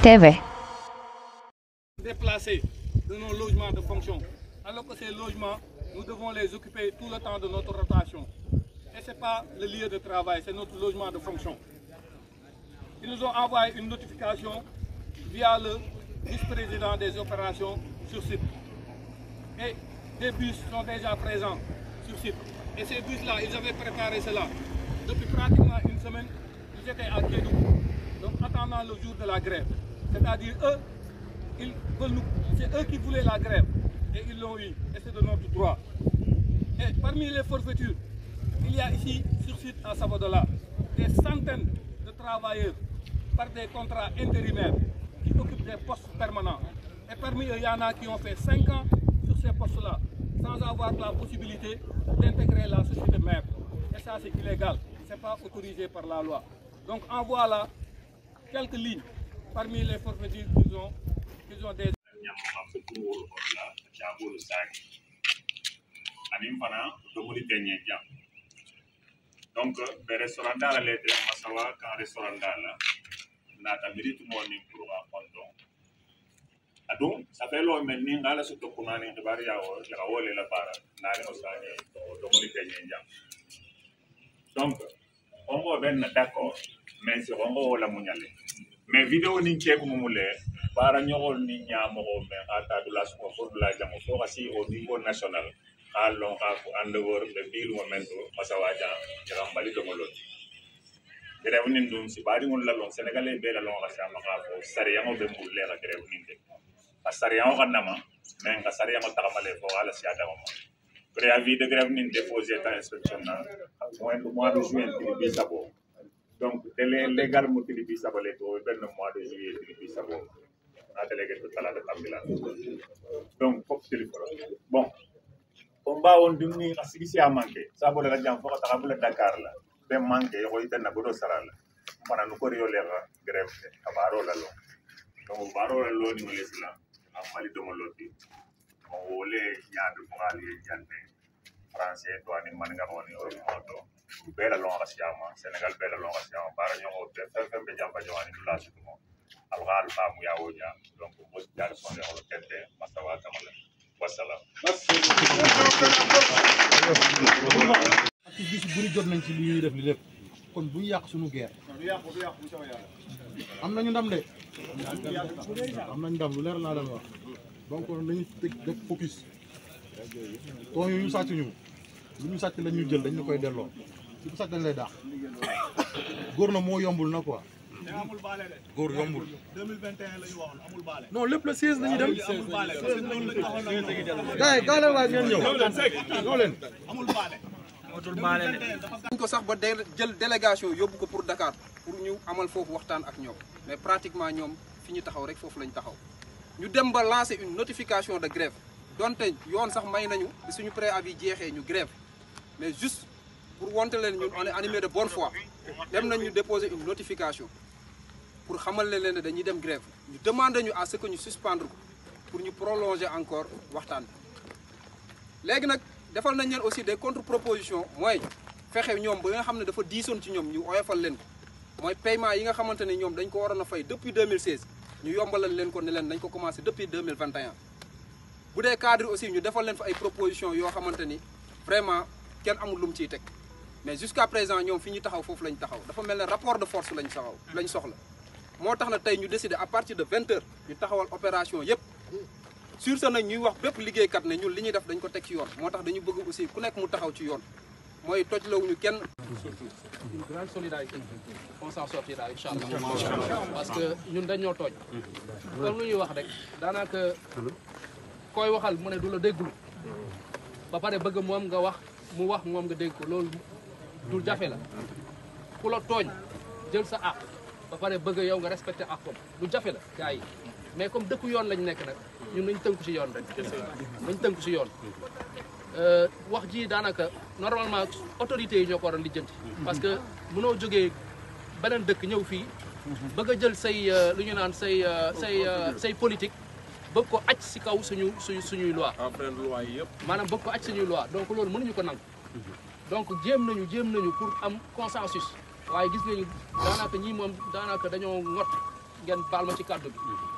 TV. déplacés de nos logements de fonction alors que ces logements nous devons les occuper tout le temps de notre rotation et ce n'est pas le lieu de travail c'est notre logement de fonction ils nous ont envoyé une notification via le vice-président des opérations sur site. Et des bus sont déjà présents sur site. Et ces bus-là, ils avaient préparé cela depuis pratiquement une semaine. Ils étaient à Kédou. donc attendant le jour de la grève. C'est-à-dire eux, c'est eux qui voulaient la grève et ils l'ont eu. Et c'est de notre droit. Et parmi les forfaitures, il y a ici, sur site à Savodola, des centaines de travailleurs par des contrats intérimaires qui occupent des postes permanents. Et parmi eux, il y en a qui ont fait 5 ans sur ces postes-là, sans avoir la possibilité d'intégrer la société même. Et ça, c'est illégal. Ce n'est pas autorisé par la loi. Donc en voilà quelques lignes parmi les forfaits qu'ils ont, ont des... donc les restaurant da la lɛ tɛ restaurant la adun safelo men ni ngala su to kunani ngibari ya o ya wole la bara na ni osani to mo ni tenye jam donc ongo ben na d'accord mais se ongo wala munyale mais vidéo ni ke ko mumule bara nyogol ni nyamo ko men ata du la su ko la jam ko kasi au niveau national ka lon ka ko ande wor be bil momento masawa jam jam bali do mo grève nin dum si bari ngol la lon sénégalais be la lon ka sama ka ko sare yamo be mulle ka grève nin de ka sariyaŋo ka nama meŋ ka sariyaŋo le fo ala si adama ma préavis ya de grève ya nin déposé ya ta inspection na moins de mois de juin tili bi sabo donc délai légal mo tili bi sabo le to benn mois de juillet tili bi sabo na délégué to tala de tambila donc fop tili foro bon on ba on dunni a si a manqué sabo la jam fo ka bula dakar la be manqué ko na bodo sarala mana nu ko riyo le grève baro la lo baro la lo ni mo mo wole ಮಲಿದುಮಲ್ಲೋತಿ ಓಲೆ ಯಾಡು ಮುಗಾಲಿ jande français to ani man nga woni o moto bela lo nga siama senegal bela lo nga siama bara nyongo te fe fe kan be jamba jawani dula mo al gal ba mu ya ja donc mo jare son de o tete masawa tamala wassalam aktiviste bu buri jot nañ ci li ñuy def li def kon bu yaq suñu guerre bu yaq bu yaq bu sama yàlla am ñu ndam de am nañu ndam lu leer naa doon wax donc nañu teg def focus ton yu ñu sàcc ñu lu ñu sàcc la ñu jël dañu koy delloo su ko sàcc dañ lay daax góor na moo yombul na quoi góor yombul. 2021 la ñu waxoon lépp la 16 la ñu dem. 16 la ñu dem gars yi gars yi ngeen ñëw. leen Nous avons une délégation pour Dakar pour nous amal foofu waxtaan ak mais pratiquement nous avons fini de faire foofu lañ taxaw ñu dem une notification de grève Nous yoon sax may nañu di suñu préavis jeexee ñu grève mais juste pour nous leen ñun est animé de bonne foi nous avons déposé une notification pour xamal leen ne dañuy dem grève ñu demandé à ce que nous suspendre pour nous prolonger encore le temps. Maintenant, defal nañ leen aussi des contre-propositions mooy fexe ñoom ba nga xam ne dafa diisoon ci ñoom ñu oyofal leen ko mooy paiement yi nga xamante ne ñoom dañ ko waroon fay depuis 2016 ñu yombalal leen ko ne leen nañ ko commencé depuis 2021 bu dee cadre aussi ñu defal leen fa ay propositions yoo xamante ni vraiment kenn amul lu mu ciy teg mais jusqu'à présent ñoom fi ñu taxaw foofu lañ taxaw dafa mel ne rapport de force lañ taxaw lañ soxla moo tax na tey ñu décidé à partir de 20 heures ñu taxawal opération yépp sur ce nag ñuy wax bépp liggéeykat ne ñun li ñuy def dañ ko teg ci yoon moo tax dañu bëgg aussi ku nekk mu taxaw ci yoon mooy toj lawuñu kenn surtout une grande solidarité on s'en sortira incha allah parce que ñun dañoo tooj comme lu ñuy wax rek daanaka koy waxal mu ne du la dégglu ba pare bëgg moom nga wax mu wax moom nga dégg ko loolu du jafe la ku la tooñ jël sa àq ba pare bëgg yow nga respecté àqam du jafe la gars mais comme dëkku yoon lañ nekk nag ñun nañu tënku ci yoon rek nañ tënku ci yoon euh, wax ji daanaka normalement autorités yi ñoo ko war a lijjanti parce que mënoo jógee beneen dëkk ñëw fii bëgg a jël say euh, lu ñu naan say euh, say say politique bëgg ko aj ci kaw suñu suñu suñuy loi maanaam bëgg ko aj suñuy loi donc loolu mënuñu ko nangu donc jéem nañu jéem nañu pour am consensus waaye gis nañu daanaka ñii moom daanaka dañoo ŋot ngeen baal ma ci kàddu bi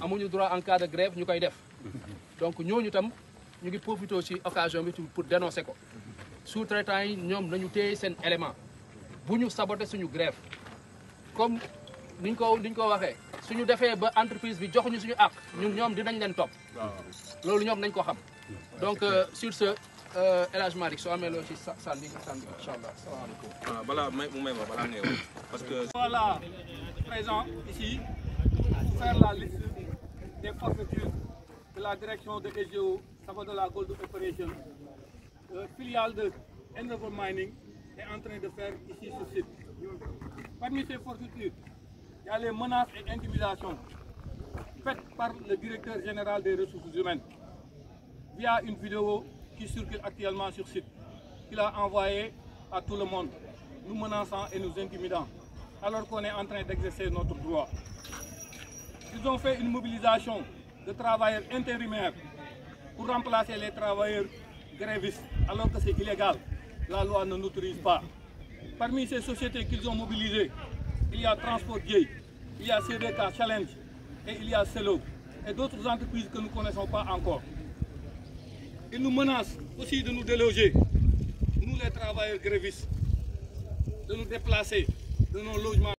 amuñu droit en cas de grève ñukay def donc ñooñu tam ñu ngi profiter ci occasion bi pour dénoncer ko sous-traitants yi ñoom nañu téye seen élément buñu saboter suñu grève comme niñ ko niñ ko waxé suñu défé ba entreprise bi joxuñu suñu àq ñun ñoom dinañ leen top lolu ñom nañ ko xam donc euh, sur ce euh, El Hadj Malick soo amee loo ci sànni sànni incha allah salaamaaleykum ah, balaa may mu may ma balaa parce que voilà présent ici faire la liste des forfaitures de la direction de EGO, la Gold Operation, euh, filiale de Endeavor Mining, est en train de faire ici sur site. Parmi ces forfaitures, il y a les menaces et intimidations faites par le directeur général des ressources humaines via une vidéo qui circule actuellement sur site, qu'il a envoyée à tout le monde, nous menaçant et nous intimidant, alors qu'on est en train d'exercer notre droit. Ils ont fait une mobilisation de travailleurs intérimaires pour remplacer les travailleurs grévistes, alors que c'est illégal. La loi ne l'autorise pas. Parmi ces sociétés qu'ils ont mobilisées, il y a Transport Gay, il y a CDK Challenge et il y a Celo et d'autres entreprises que nous ne connaissons pas encore. Ils nous menacent aussi de nous déloger, nous les travailleurs grévistes, de nous déplacer de nos logements.